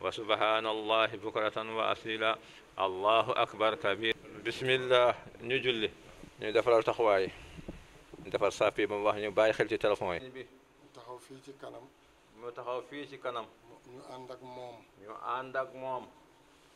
وسبحان الله بكرة وأصيلا الله أكبر كبير بسم الله نجلي ñu defaral taxawaay defar saaf yi ba mu wax ñu bàyyi xel ci téléphone yi. mu taxaw fii ci kanam. mu taxaw fii ci kanam. ñu ànd ak moom. ñu ànd ak moom.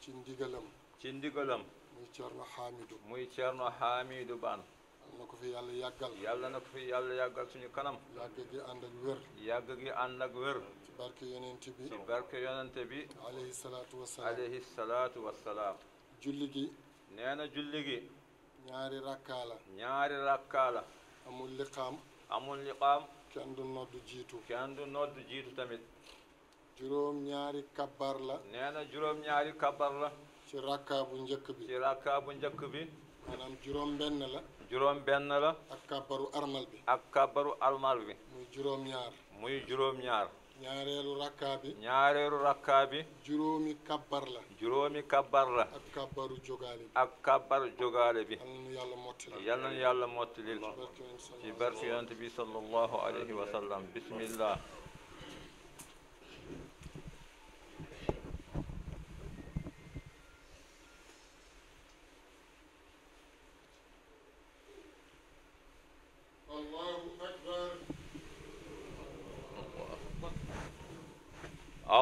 ci ndigalam. ci ndigalam. muy Thierno Hamidou. muy Thierno Hamidou Bane. yàlla na ko fi yàlla yàggal. yàlla na ko fi yàlla yàggal suñu kanam. yàgg gi ànd ak wér. yàgg gi ànd ak wér. barke yonent bi ci barke yonent bi alayhi salaatu wassalaam alayhi salaatu wassalaam julli gi nee na julli gi ñaari rakkaa amul liqaam amul liqaam kenn jiitu tamit juróom ñaari kabbar la nee na juróom ñaari kabbar la ci rakkaa bu njëkk bi njëkk bi la juróom benn la ak muy juróom ñaar muy juróom ñaar ñaareelu rakkaa bi ñaareelu rakkaa bi juróomi kabbar la juróomi kabbar la ak kabbaru jogaale bi ak kabbaru jogaale bi yal nañu yàlla mottilil ci barke yonent bi sallallahu alayhi wa sallam bismillah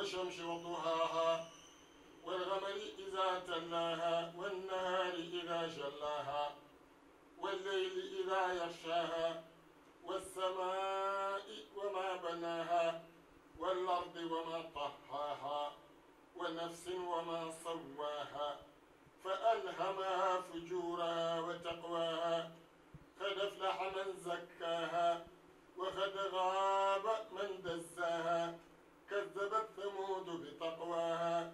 والشمس وضحاها والغمر إذا تلاها والنهار إذا جلاها والليل إذا يغشاها والسماء وما بناها والأرض وما طحاها ونفس وما سواها فألهمها فجورها وتقواها قد أفلح من زكاها وقد غاب من دساها كذبت ثمود بتقواها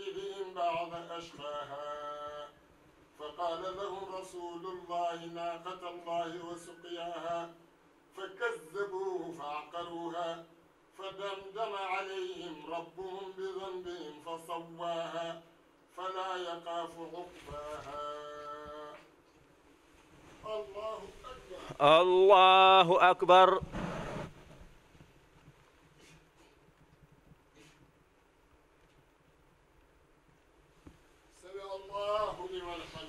إذ بعض أشقاها فقال لهم رسول الله ناقة الله وسقياها فكذبوه فعقروها فدمدم عليهم ربهم بذنبهم فصواها فلا يقاف عقباها الله أكبر الله أكبر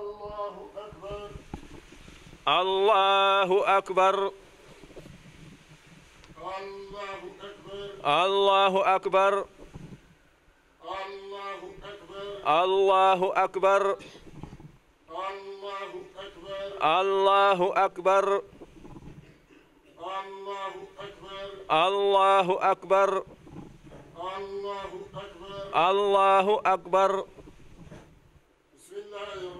الله أكبر الله أكبر الله أكبر الله أكبر الله أكبر الله أكبر الله أكبر الله أكبر بسم الله الرحمن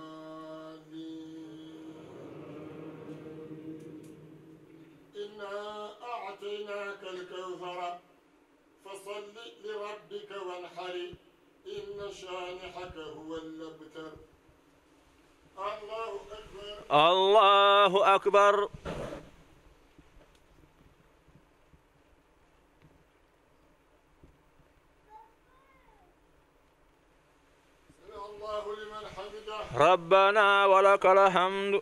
أعطيناك الكوثر فصل لربك وانحر إن شانحك هو الأبتر الله أكبر الله أكبر ربنا ولك الحمد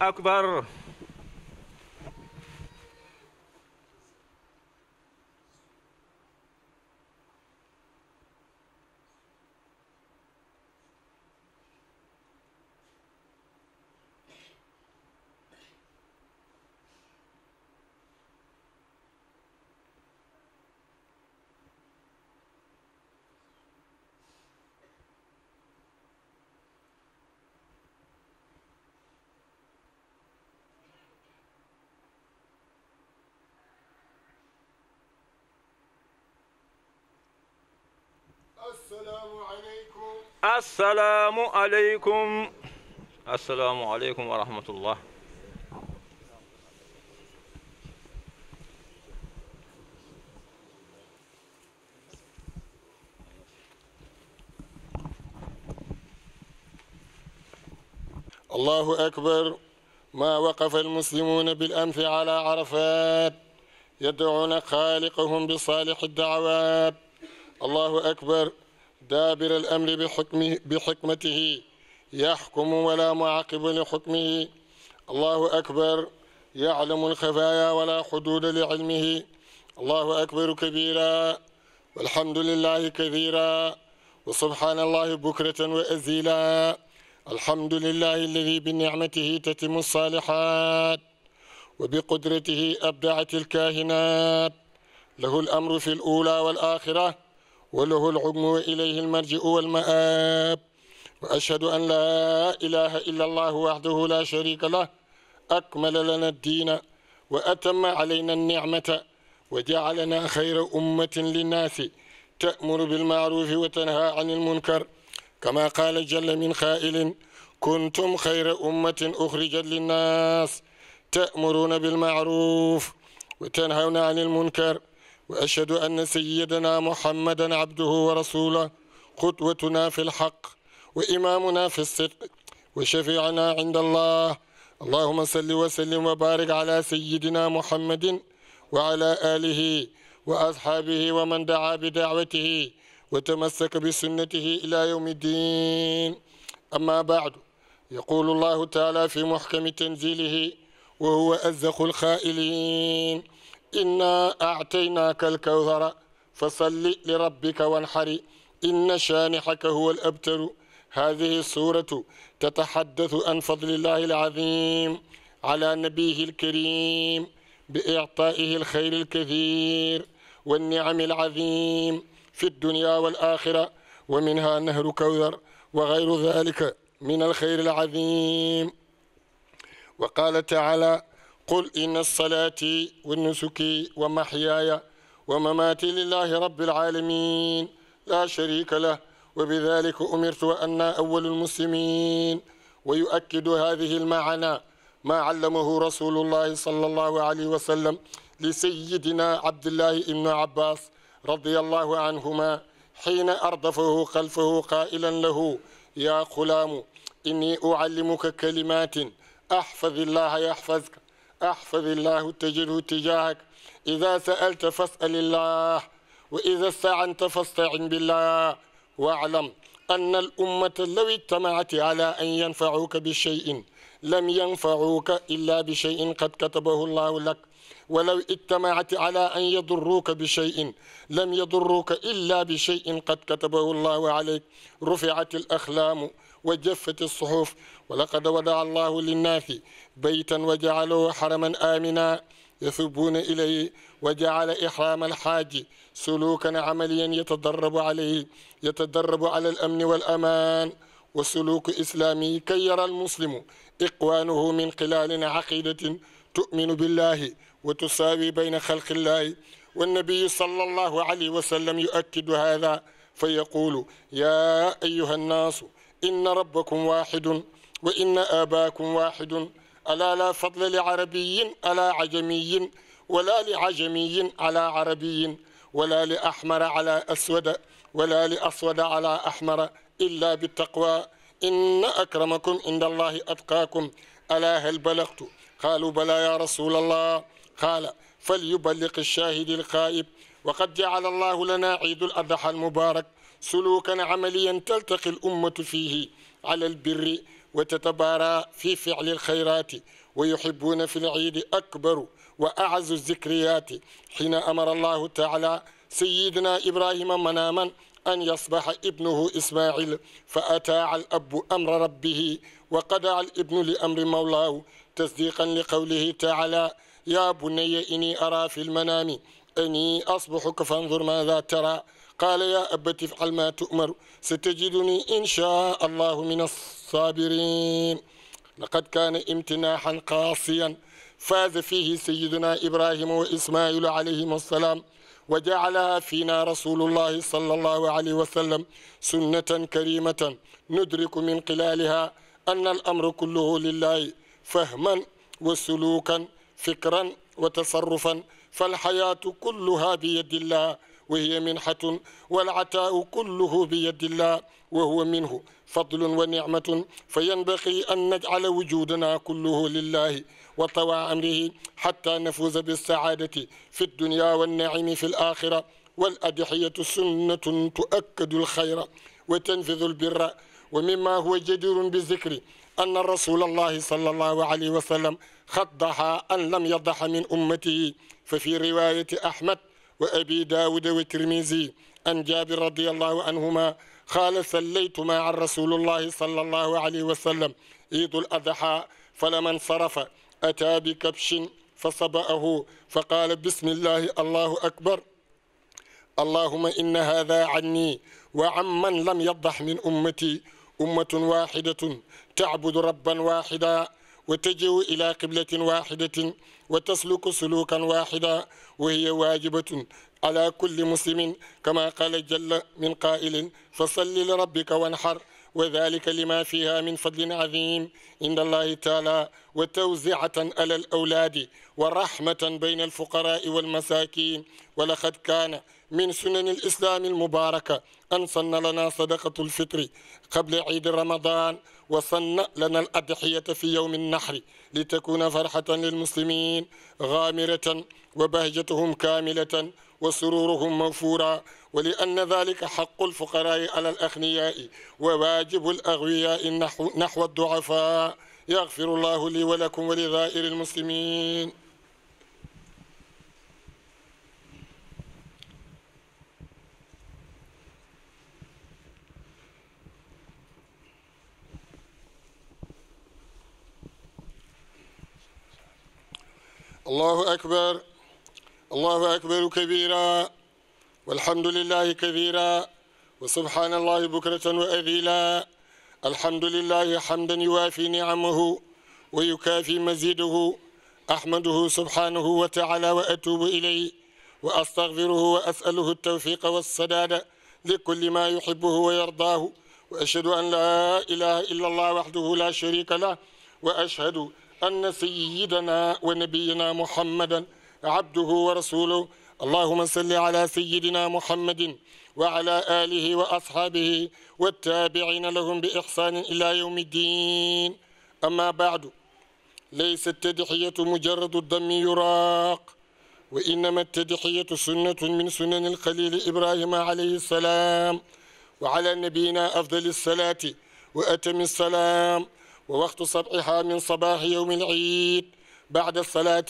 akbar السلام عليكم السلام عليكم ورحمة الله الله أكبر ما وقف المسلمون بالأنف على عرفات يدعون خالقهم بصالح الدعوات الله أكبر دابر الأمر بحكمه بحكمته يحكم ولا معقب لحكمه الله أكبر يعلم الخفايا ولا حدود لعلمه الله أكبر كبيرا والحمد لله كثيرا وسبحان الله بكرة وأزيلا الحمد لله الذي بنعمته تتم الصالحات وبقدرته أبدعت الكاهنات له الأمر في الأولى والآخرة وله العلم وإليه المرجع والمآب وأشهد أن لا إله إلا الله وحده لا شريك له أكمل لنا الدين وأتم علينا النعمة وجعلنا خير أمة للناس تأمر بالمعروف وتنهى عن المنكر كما قال جل من خائل كنتم خير أمة أخرجت للناس تأمرون بالمعروف وتنهون عن المنكر وأشهد أن سيدنا محمدا عبده ورسوله قدوتنا في الحق وإمامنا في الصدق وشفيعنا عند الله اللهم صل وسلم وبارك على سيدنا محمد وعلى آله وأصحابه ومن دعا بدعوته وتمسك بسنته إلى يوم الدين أما بعد يقول الله تعالى في محكم تنزيله وهو أزق الخائلين إنا أعطيناك الكوثر فصل لربك وانحر إن شانحك هو الأبتر هذه السورة تتحدث عن فضل الله العظيم على نبيه الكريم بإعطائه الخير الكثير والنعم العظيم في الدنيا والآخرة ومنها نهر كوثر وغير ذلك من الخير العظيم وقال تعالى قل إن الصلاة والنسك ومحياي ومماتي لله رب العالمين لا شريك له وبذلك أمرت وأنا أول المسلمين ويؤكد هذه المعنى ما علمه رسول الله صلى الله عليه وسلم لسيدنا عبد الله بن عباس رضي الله عنهما حين أردفه خلفه قائلا له يا غلام إني أعلمك كلمات أحفظ الله يحفظك احفظ الله تجده تجاهك إذا سألت فاسأل الله وإذا استعنت فاستعن بالله واعلم أن الأمة لو اجتمعت على أن ينفعوك بشيء لم ينفعوك إلا بشيء قد كتبه الله لك ولو اجتمعت على أن يضروك بشيء لم يضروك إلا بشيء قد كتبه الله عليك رفعت الأخلام وجفت الصحف ولقد ودع الله للناس بيتا وجعله حرما آمنا يثبون إليه وجعل إحرام الحاج سلوكا عمليا يتدرب عليه يتدرب على الأمن والأمان وسلوك إسلامي كي يرى المسلم إقوانه من خلال عقيدة تؤمن بالله وتساوي بين خلق الله والنبي صلى الله عليه وسلم يؤكد هذا فيقول يا أيها الناس إن ربكم واحد وإن آباكم واحد ألا لا فضل لعربي على عجمي ولا لعجمي على عربي ولا لأحمر على أسود ولا لأسود على أحمر إلا بالتقوى إن أكرمكم عند الله أتقاكم ألا هل بلغت قالوا بلى يا رسول الله قال فليبلغ الشاهد الخائب وقد جعل الله لنا عيد الأضحى المبارك سلوكا عمليا تلتقي الأمة فيه على البر وتتبارى في فعل الخيرات ويحبون في العيد أكبر وأعز الذكريات حين أمر الله تعالى سيدنا إبراهيم مناما أن يصبح ابنه إسماعيل فأتاع الأب أمر ربه وقدع الابن لأمر مولاه تصديقا لقوله تعالى يا بني إني أرى في المنام أني أصبحك فانظر ماذا ترى قال يا أبت افعل ما تؤمر ستجدني إن شاء الله من الصابرين لقد كان امتناحا قاسيا فاز فيه سيدنا إبراهيم وإسماعيل عليهما السلام وجعلها فينا رسول الله صلى الله عليه وسلم سنة كريمة ندرك من خلالها أن الأمر كله لله فهما وسلوكا فكرا وتصرفا فالحياة كلها بيد الله وهي منحة والعطاء كله بيد الله وهو منه فضل ونعمة فينبغي أن نجعل وجودنا كله لله وطوى أمره حتى نفوز بالسعادة في الدنيا والنعيم في الآخرة والأدحية سنة تؤكد الخير وتنفذ البر ومما هو جدير بالذكر أن رسول الله صلى الله عليه وسلم خضها أن لم يضح من أمته ففي رواية أحمد وأبي داود والترمذي عن جابر رضي الله عنهما قال صليت مع رسول الله صلى الله عليه وسلم عيد الأضحى فلما انصرف أتى بكبش فصبأه فقال بسم الله الله أكبر اللهم إن هذا عني وعمن لم يضح من أمتي أمة واحدة تعبد ربا واحدا وتجئ إلى قبلة واحدة وتسلك سلوكا واحدا وهي واجبة على كل مسلم كما قال جل من قائل فصل لربك وانحر وذلك لما فيها من فضل عظيم عند الله تعالى وتوزعة على الأولاد ورحمة بين الفقراء والمساكين ولقد كان من سنن الإسلام المباركة أن صن لنا صدقة الفطر قبل عيد رمضان وصنع لنا الأضحية في يوم النحر لتكون فرحة للمسلمين غامرة وبهجتهم كاملة وسرورهم موفورا ولأن ذلك حق الفقراء على الأغنياء وواجب الأغوياء نحو, نحو الضعفاء يغفر الله لي ولكم ولغائر المسلمين الله أكبر الله أكبر كبيرا والحمد لله كبيرا وسبحان الله بكرة وأذيلا الحمد لله حمدا يوافي نعمه ويكافي مزيده أحمده سبحانه وتعالى وأتوب إليه وأستغفره وأسأله التوفيق والسداد لكل ما يحبه ويرضاه وأشهد أن لا إله إلا الله وحده لا شريك له وأشهد أن سيدنا ونبينا محمدا عبده ورسوله اللهم صل على سيدنا محمد وعلى آله وأصحابه والتابعين لهم بإحسان إلى يوم الدين أما بعد ليس التدحية مجرد الدم يراق وإنما التدحية سنة من سنن الخليل إبراهيم عليه السلام وعلى نبينا أفضل الصلاة وأتم السلام ووقت صبحها من صباح يوم العيد بعد الصلاة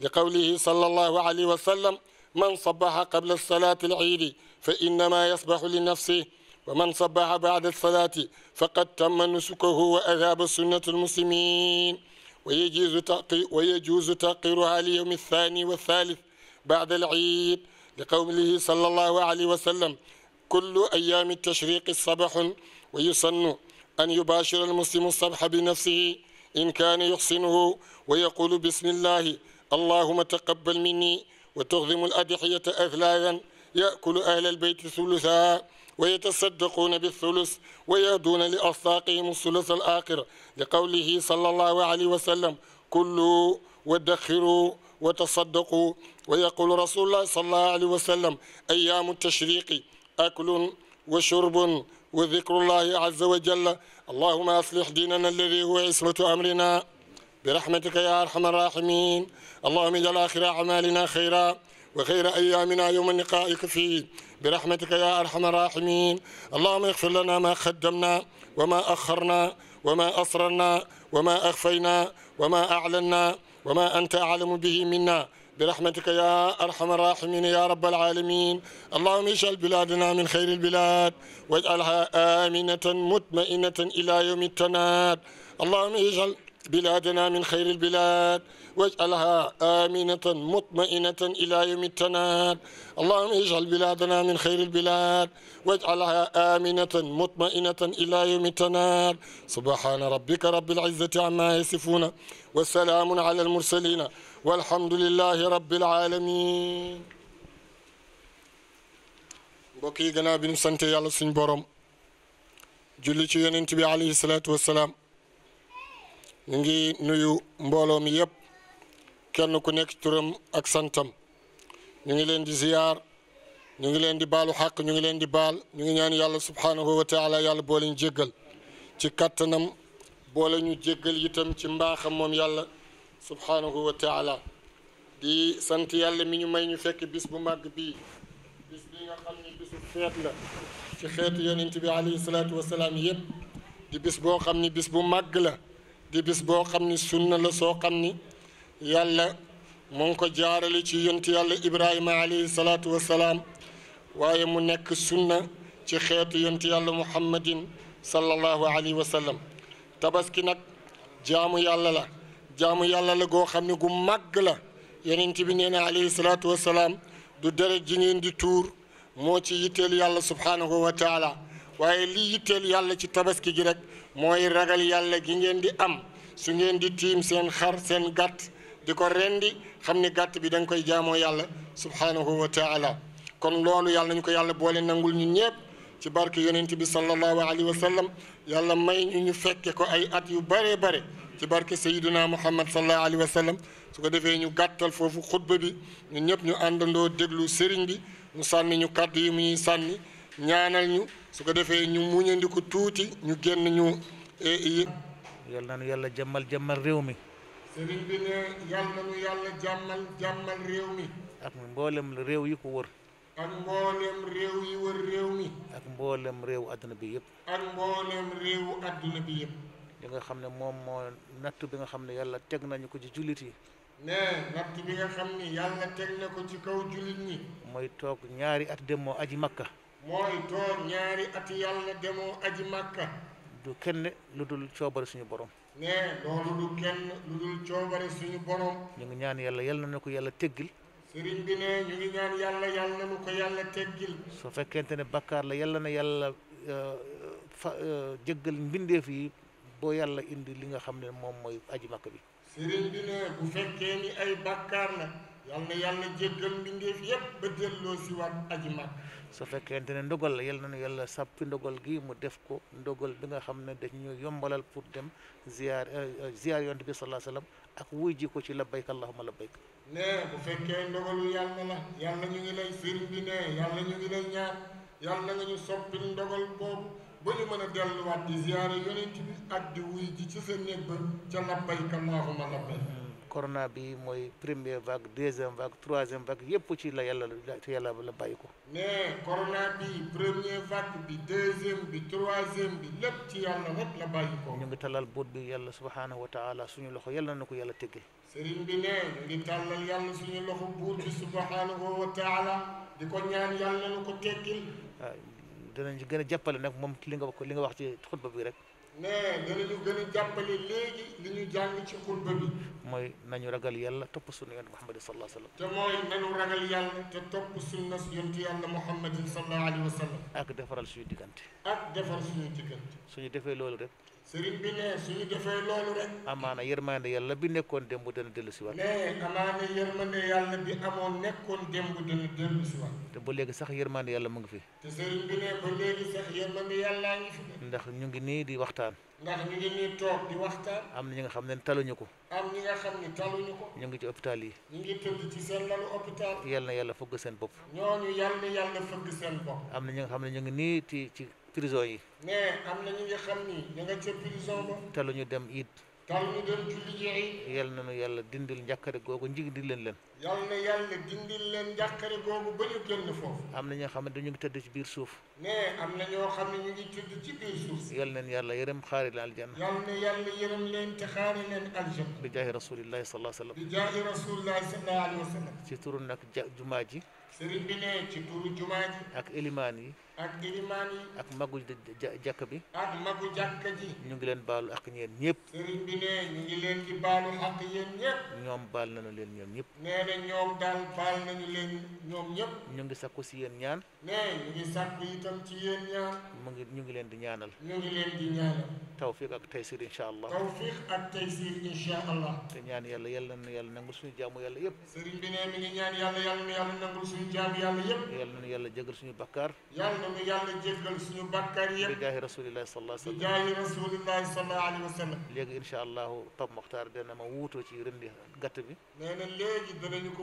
لقوله صلى الله عليه وسلم من صبح قبل الصلاة العيد فإنما يصبح لنفسه ومن صبح بعد الصلاة فقد تم نسكه وأذاب سنة المسلمين ويجوز ويجوز تأقيرها ليوم الثاني والثالث بعد العيد لقوله صلى الله عليه وسلم كل أيام التشريق صبح ويسن أن يباشر المسلم الصبح بنفسه إن كان يحسنه ويقول بسم الله اللهم تقبل مني وتغضم الأدحية أثلاثا يأكل أهل البيت ثلثها ويتصدقون بالثلث ويهدون لأصداقهم الثلث الآخر لقوله صلى الله عليه وسلم كلوا وادخروا وتصدقوا ويقول رسول الله صلى الله عليه وسلم أيام التشريق أكل وشرب وذكر الله عز وجل اللهم أصلح ديننا الذي هو عصمة أمرنا برحمتك يا أرحم الراحمين اللهم اجعل آخر أعمالنا خيرا وخير أيامنا يوم لقائك فيه برحمتك يا أرحم الراحمين اللهم اغفر لنا ما قدمنا وما أخرنا وما أسررنا وما أخفينا وما أعلنا وما أنت أعلم به منا برحمتك يا أرحم الراحمين يا رب العالمين اللهم اجعل بلادنا من خير البلاد واجعلها آمنة مطمئنة إلى يوم التناد اللهم اجعل بلادنا من خير البلاد واجعلها آمنة مطمئنة إلى يوم التناد اللهم اجعل بلادنا من خير البلاد واجعلها آمنة مطمئنة إلى يوم التناد سبحان ربك رب العزة عما يصفون والسلام على المرسلين والحمdu lillahi rabbil alamin mbokk yi gannaaw bi ñu sante yàlla suñ borom julli ci yonent bi alayhi salaatu wassalaam ñu ngi nuyu mbooloo mi yëpp kenn ku nekk turam ak santam ñu ngi leen di ziyaar ñu ngi leen di baalu xàq ñu ngi leen di baal ñu ngi ñaan yàlla subhaanahu wa taala yàlla boo leen jéggal ci kattanam boole ñu jéggal itam ci mbaaxam moom yàlla subhanahu wa taala di sant yàlla mi ñu may ñu fekk bis bu màgg bii bis bi nga xam ni bisu feet la ci xeetu yonent bi alayhi salaatu wasalaam yëpp di bis boo xam bis bu màgg la di bis boo xam sunna la soo xam yàlla mu ngi ko jaarale ci yonent yàlla ibrahima alayhi salaatu wasalaam waaye mu nekk sunna ci xeetu yonent yàlla muhammadin sallallahu alayhi wa sallam tabaski nag jaamu yàlla la jaamu yàlla la goo xam ne gu màgg la yenent bi nee na alayhi salaatu wasalaam du deret ji ngeen di tuur moo ci yitteel yàlla subhaanahu wa taala waaye lii yitteel yàlla ci tabaski ji rek mooy ragal yàlla gi ngeen di am su ngeen di tiim seen xar seen gàtt di ko rendi xam ne gàtt bi da koy jaamoo yàlla subhaanahu wa taala kon loolu yàlla nañu ko yàlla boole nangul ñun ñëpp ci barke yonent bi sallallahu alayhi wa sallam yàlla may ñu ñu fekke ko ay at yu bare bare ci barke Seydina Muhammad sallallahu alayhi wa sallam su ko defee ñu gàttal foofu xutba bi ñun ñëpp ñu àndandoo déglu sëriñ bi mu sànni ñu kàddu yi mu ñuy sànni ñaanal ñu su ko defee ñu ko tuuti ñu génn ñu. Eh, yal nu yàlla jàmmal jàmmal réew mi. sëriñ bi ne yal na nu yàlla jàmmal jàmmal réew mi. ak mboolem réew yi ko wër. ak mboolem réew yi wër réew mi ak mboolem réew àdduna bi yëpp ak mboolem réewu àdduna bi yëpp li xam ne moom moo natt bi nga xam ne yàlla teg nañu ko ci jullit nga xam ni yàlla na ko ci kaw jullit ñi mooy toog ñaari at demoo aji makka mooy toog ñaari at yàlla demoo aji makka du kenn lu dul coobare suñu borom ne loolu du kenn lu dul coobare suñu borom ñu ngi ñaan yàlla yal na ko yàlla teggil sëriñ bi ne ñu ngi ñaan yàlla yàlla na nu ko yàlla teggil su fekkente ne bakkaar la yàlla na yàlla euh, fa euh, jëggal mbindeef yi boo yàlla indi li nga xam ne moom mooy aji makk bi sëriñ bi ne bu fekkee ni ay bakkaar la yàlla na yàlla jéggal mbindeef yépp ba delloo si waat aji makk su fekkente ne ndogal la yàlla na yàlla sàppi ndogal gi mu def ko ndogal bi nga xam ne dañu yombalal pour dem ziar euh, ziar yonent bi sallallahu alayhi wasallam ak wuy ji ko ci labbayk allahumma labbayk ne bu fekkee ndogalu yàlla na yàlla ñu ngi lay sëriñ bi ne yàlla ñu ngi lay ñaar yàlla nga ñu soppil ndogal boobu ba ñu mën a delluwaat di ziyaare yonent bi ak di wuy ji ci sa néeg ba ca ma allahumma labbayk corona bi mooy première vague deuxième vague troisième vague yëpp ci la yàlla ci yàlla la bàyyi ko. mais corona bi première vague bi deuxième bi troisième bi lépp ci yàlla rek la bàyyi ko. talal boot bi yàlla subhaanahu wa suñu loxo yàlla na ko yàlla teggee. sëriñ bi ne ñu ngi tàllal yàlla suñu loxo buur subhaanahu wa taala ko ñaan yàlla na ko teggil. waaw ah, dinañ gën a jàppale nag moom li nga wax li wax ci xutba bi rek. nee na ñu jàppale léegi li ñu jàng ci xutba bi. mooy nañu ragal yàlla topp sunna yonent Muhammad sallallahu alayhi wa sallam. te mooy nañu ragal yàlla te topp sunna yonent yàlla Muhammad sallallahu alayhi wa ak defaral suñu diggante. suñu diggante. suñu defee loolu rek. sëriñ bi ne suñu defee loolu rek. amaana yërmande yàlla bi nekkoon démb dana dellu si waat. mais amaana yërmande yàlla bi amoon nekkoon démb dana dellu si waat. te ba léegi sax yërmande yàlla mu ngi fi. te ndax ñu ngi nii di waxtaan. ndax ñu ngi nii toog di waxtaan. am na ñi nga xam ne taluñu ko. am ñi nga xam ne taluñu ko. ñu ngi ci hôpital yi. ñu ngi tëdd ci seen lalu hôpital. yal na yàlla fëgg seen bopp. ñooñu yal na yàlla fëgg seen bopp. am na ñu ngi nii prison yi. mais am na ñi nga xam ni ña nga prison ba. talu ñu dem it. talu ñu dem julli yàlla dindil njàkkare googu njig di leen leen. yal na yàlla dindil leen njàkkare googu ba ñu génn foofu. am na ñoo ngi ci biir suuf. mais am xam ne ñu ngi tëdd ci biir suuf. yal na yàlla yërëm xaari la aljanna. yal na yàlla yërëm leen te xaari leen aljanna. bi jaahi rasulillahi sallallahu alayhi wa ci turu nag jumaa ji. sëriñ bi ne ci turu jumaa ji. ak ilimaan yi. ak ilimaan ak magu jakk bi ak magu jakk ji ñu ngi leen balu ak ñeen ñepp sëriñ bi ne ñu ngi leen di balu. ak yéen ñepp ñom bal nañu leen ñom ñepp nee na dal bal baal nañu leen ñom ñepp ñu ngi sakku ci yeen ñaan ne ñu ngi sakku itam ci yeen ñaan mu ngi ñu ngi leen di ñaanal ñu ngi leen di ñaanal tawfiq ak taysir inshallah allah tawfiq ak taysir inshallah allah te ñaan yalla yalla na yalla nangul suñu jaamu yalla yépp sëriñ bi ne mi ngi ñaan yalla yalla na nangul suñu jaamu yalla yépp yalla na yalla jëgël suñu bakkar yalla ñu yàlla jéggal suñu bàkkaar yëpp bi jaahi rasulillahi sallallahu alayhi wa sallam léegi incha allahu Pape Mokhtar dana ma wuutoo ci rendi gàtt bi nee na léegi ko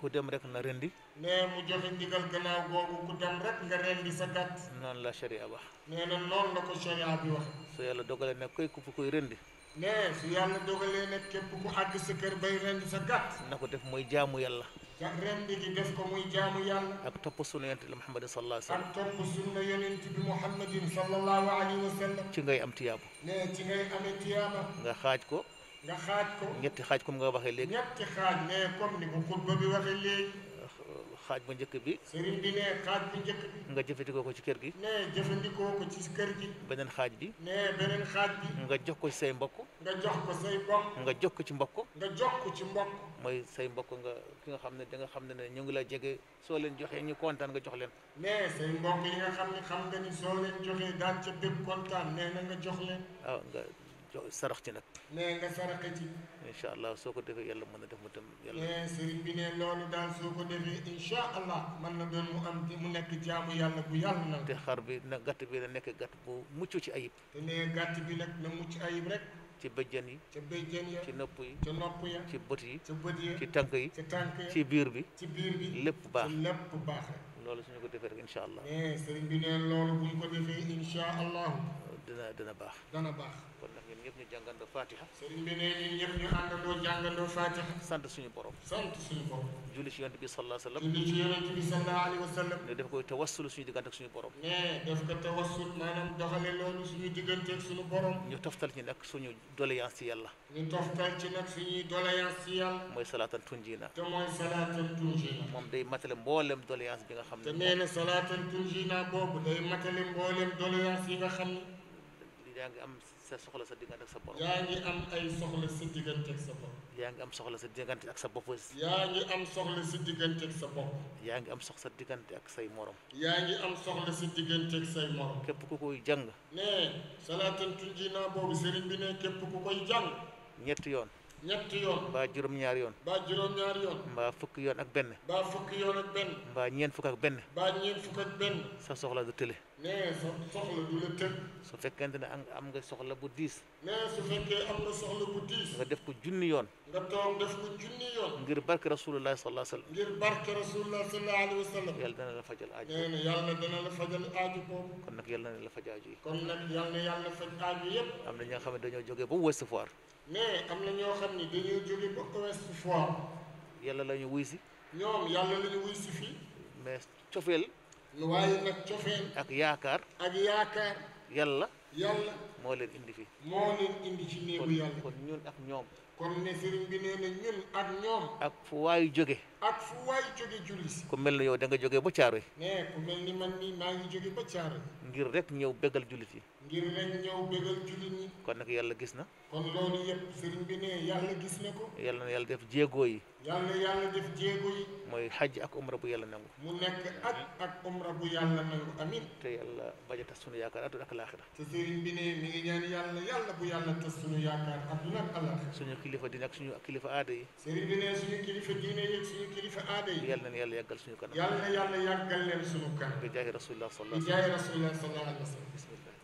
ku dem rek na rendi nee mu joxe ndigal gannaaw googu ku dem rek nga rendi sa gàtt noonu la sharia wax nee na noonu la ko sharia bi wax su yàlla dogalee ne koy ku koy rendi ne su yàlla dogalee nag képp ku àgg sa kër bay rend sa gàtt na ko def mooy jaamu yàlla ca rend gi def ko muy jaamu yàlla ak topp sunna yonent bi Muhammad sallallahu alayhi wa sallam ak topp sunna Muhammadin sallallahu alayhi wa sallam ci ngay am tiyaaba ne ci ngay amee tiyaaba nga xaaj ko nga xaaj ko ñetti xaaj comme nga waxee léegi ñetti xaaj ne comme ni ko xutba bi waxee léegi xaaj bu njëkk bi sëriñ bi ne xaaj nga jëfandikoo ko ci kër gi ne jëfandikoo ko ci kër gi beneen xaaj bi ne beneen xaaj bi nga jox ko ci say mbokk nga jox ko ci mbokk nga jox ko ci mbokk mooy say mbokk nga ki nga xam ne da nga xam ne ne ñu ngi la jege soo leen joxee ñu kontaan nga jox leen mais say mbokk yi nga xam ne xam nga ni soo leen joxee daan ca bépp kontaan nee na nga jox leen sarax ci nag. nee nga sarax ci. incha allah soo ko defee yàlla mën na def mu dem yàlla. nee sëriñ bi ne loolu na doon mu am mu nekk jaamu yàlla bu yàlla na. te xar bi na gàtt bi na nekk gàtt bu mucc ci ayib. bi nag na mucc ci bëjjën yi ci bëjjën ya ci nopp yi ci ci bët yi bët yi ci tànk yi ci biir bi ci biir bi lépp baax lépp baax loolu suñu ko defee rek incha allah. mais ñu ko defee incha allah. dina dina baax. dana baax. ñun ñëpp ñu jàngandoo Fatiha. sëriñ bi ne ñun ñëpp ñu àndandoo jàngandoo Fatiha. sant suñu borom. sant suñu borom. julli ci yonent bi sallallahu alayhi wa sallam. julli ci yonent bi sallallahu alayhi wa sallam. ne def koy tawassul suñu diggante ak suñu borom. mais def ko tawassul maanaam doxale loolu suñu diggante ak suñu borom. ñu toftal ci nag suñu doléance ci yàlla. ñu toftal ci nag suñuy doléance ci yàlla. mooy salaatal tunjina. te mooy salaatal tunjina. moom day matale mboolem doléance bi nga xam ne. te nee na salaatal tunjina boobu day matale mboolem doléance yi nga xam ne yaa ngi am sa soxla sa diggante ak sa borom. yaa ngi am ay soxla sa diggante ak sa bopp. yaa ngi am soxla sa diggante ak sa bopp. yaa ngi am soxla sa diggante ak say morom. yaa ngi am soxla sa diggante ak say morom. képp ku koy jàng. nee salaatan tunjinaa boobu sëriñ bi ne képp ku koy jàng. ñetti yoon. ñett yoon mbaa juróom-ñaari yoon mbaa yoon fukki yoon ak benn mbaa fukki yoon ak benn mbaa ñeent fukk ak benn mbaa ñeent sa soxla du tële nee sa soxla du la tënk. su fekkente ne am fekkee am nga soxla bu diis. def ko junni yoon. nga toog def ko junni yoon. ngir barke rasulullah sallallahu ngir barke rasulullah sallallahu alayhi wa la fajal la fajal aaju kon nag yàlla na la faj aaju yi. faj aaju yëpp. am na ñoo xam ne dañoo jógee ba Ouest Foire. mais na ñoo xam ne yàlla la wuy si. ñoom yàlla la wuy si fii. mais cofeel. waaye nag cofeel ak yaakaar ak yaakaar yàlla yàlla moo leen indi fi moo leen indi ci néegu yàlla kon ñun ak ñoom kon ne sëriñ bi nee na ñun ak ñoom ak fu waay jóge ak fu waay jóge julli ku mel ne yow danga jóge ba caaro yi ne ku mel ni man nii maa ngi jóge ba caaro yi ngir rek ñëw bégal jullit yi ngir rek ñëw bégal jullit ñi kon nag yàlla gis na kon loolu yëpp sëriñ bi ne yàlla gis na ko yàlla jéego yi yàlla yàlla def jéego yi ne kilifa diine na yàlla yàggal suñu kanam yàlla na yàlla yàggal leen suñu kanam bi jaay rasulillah sallallahu alayhi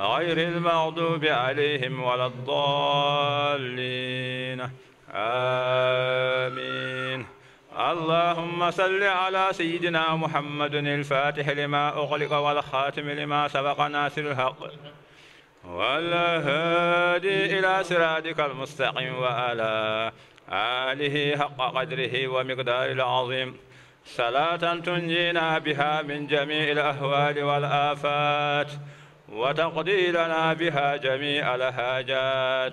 غير المغضوب عليهم ولا الضالين آمين اللهم صل على سيدنا محمد الفاتح لما أغلق والخاتم لما سبق ناصر الحق والهادي إلى سرادك المستقيم وعلى آله حق قدره ومقدار العظيم صلاة تنجينا بها من جميع الأهوال والآفات وتقضي لنا بها جميع الحاجات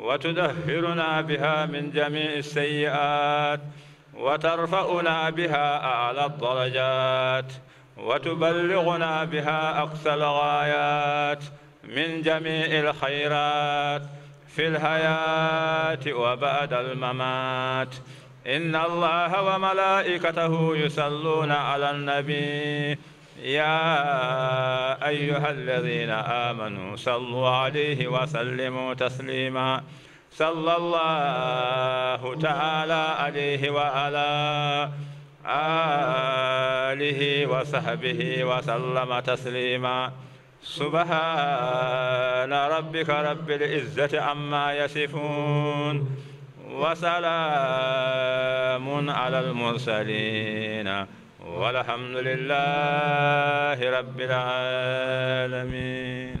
وتدهرنا بها من جميع السيئات وترفعنا بها أعلى الدرجات وتبلغنا بها أقصى الغايات من جميع الخيرات في الحياة وبعد الممات إن الله وملائكته يصلون على النبي يا أيها الذين آمنوا صلوا عليه وسلموا تسليما صلى الله تعالى عليه وعلى آله وصحبه وسلم تسليما سبحان ربك رب العزة عما يصفون وسلام على المرسلين والحمد لله رب العالمين